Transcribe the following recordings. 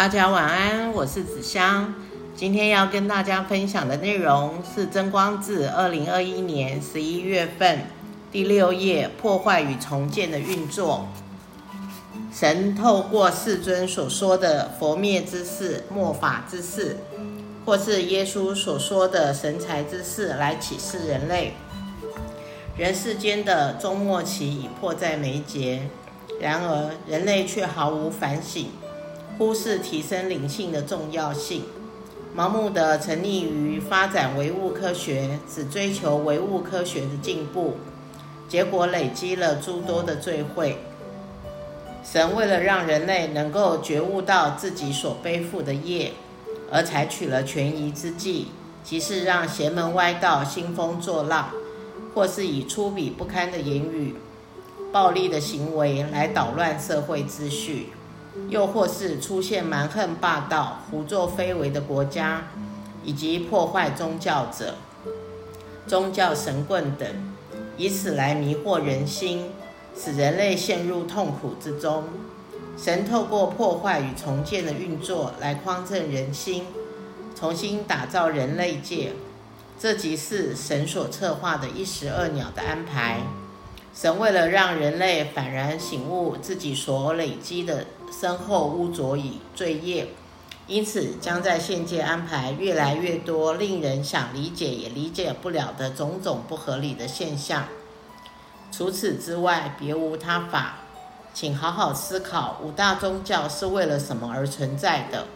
大家晚安，我是子湘。今天要跟大家分享的內容是《真光誌》二零二一年十一月份第六頁“破壞與重建”的運作。神透過世尊所說的“佛滅之事”、“末法之事”，或是耶穌所說的“神裁之事”來啟示人類。人世間的終末期已迫在眉睫，然而人類卻毫無反省。忽視提升靈性的重要性，盲目地沉溺於發展唯物科學，只追求唯物科學的進步，結果累積了諸多的罪穢。神為了讓人類能夠覺悟到自己所背負的業，而採取了權宜之計，即是讓邪門歪道興風作浪，或是以粗鄙不堪的言語、暴力的行為來搗亂社會秩序。又或是出現蠻橫霸道、胡作非為的國家，以及破壞宗教者、宗教神棍等，以此來迷惑人心，使人類陷入痛苦之中。神透過破壞與重建的運作來匡正人心，重新打造人類界，這即是神所策劃的一石二鳥的安排。神為了讓人類幡然醒悟自己所累積的深厚污濁與罪業，因此將在現界安排越來越多令人想理解也理解不了的種種不合理的現象。除此之外，別無他法。請好好思考五大宗教是為了什麼而存在的？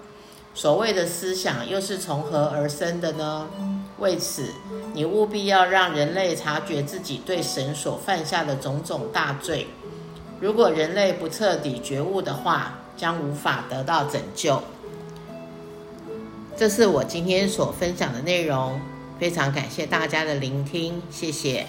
所謂的思想又是從何而生的呢？為此，你務必要讓人類察覺自己對神所犯下的種種大罪。如果人類不徹底覺悟的話，將無法得到拯救。這是我今天所分享的內容，非常感謝大家的聆聽，謝謝。